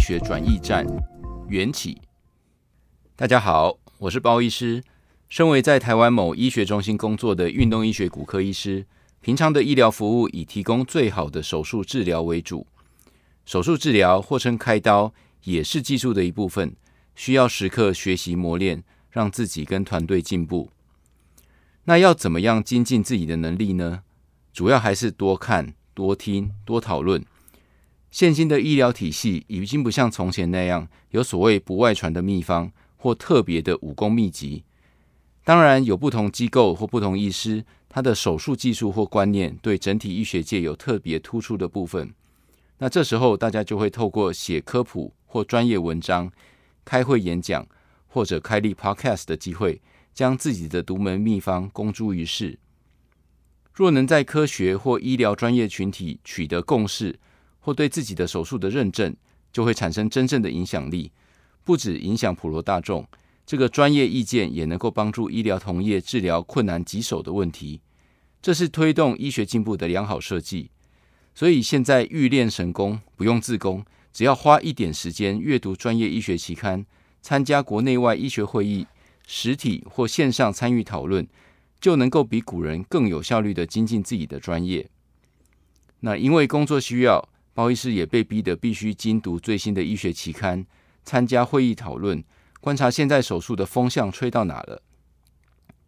醫學轉譯站，源起。大家好，我是包醫師。身為在台灣某醫學中心工作的運動醫學骨科醫師，平常的醫療服務以提供最好的手術治療為主。手術治療或稱開刀，也是技術的一部分，需要時刻學習磨練，讓自己跟團隊進步。那要怎麼樣精進自己的能力呢？主要還是多看、多聽、多討論。現今的醫療體系已經不像從前那樣有所謂不外傳的秘方或特別的武功秘籍。當然，有不同機構或不同醫師，他的手術技術或觀念對整體醫學界有特別突出的部分。那這時候，大家就會透過寫科普或專業文章、開會演講或者開立 Podcast 的機會，將自己的獨門秘方公諸於世。若能在科學或醫療專業群體取得共識。或對自己的手術的認證，就會產生真正的影響力，不止影響普羅大眾，這個專業意見也能夠幫助醫療同業治療困難棘手的問題。這是推動醫學進步的良好設計。所以現在欲練神功，不用自宮，只要花一點時間閱讀專業醫學期刊，參加國內外醫學會議，實體或線上參與討論，就能夠比古人更有效率地精進自己的專業。那因為工作需要，包醫師也被逼得必須精讀最新的醫學期刊，參加會議討論，觀察現在手術的風向吹到哪了。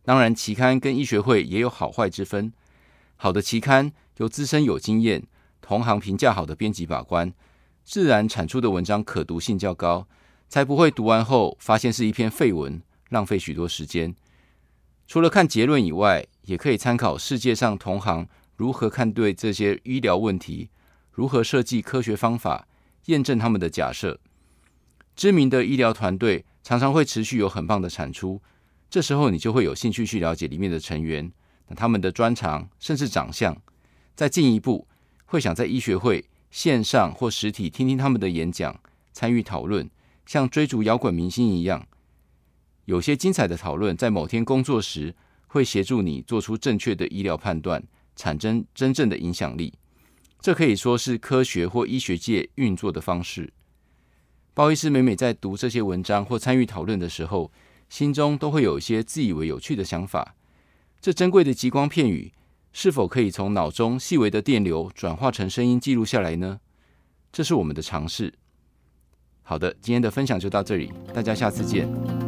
當然，期刊跟醫學會也有好壞之分。好的期刊由資深有經驗，同行評價好的編輯把關，自然產出的文章可讀性較高，才不會讀完後發現是一篇廢文，浪費許多時間。除了看結論以外，也可以參考世界上同行如何看對這些醫療問題。如何設計科學方法驗證他們的假設？知名的醫療團隊常常會持續有很棒的產出，這時候你就會有興趣去了解裡面的成員，那他們的專長甚至長相，再進一步會想在醫學會線上或實體聽聽他們的演講，參與討論，像追逐搖滾明星一樣。有些精彩的討論在某天工作時會協助你做出正確的醫療判斷，產生真正的影響力。這可以說是科學或醫學界運作的方式。包醫師每每在讀這些文章或參與討論的時候，心中都會有一些自以為有趣的想法。這珍貴的吉光片羽，是否可以從腦中細微的電流轉化成聲音記錄下來呢？這是我們的嘗試。好的，今天的分享就到這裡，大家下次見。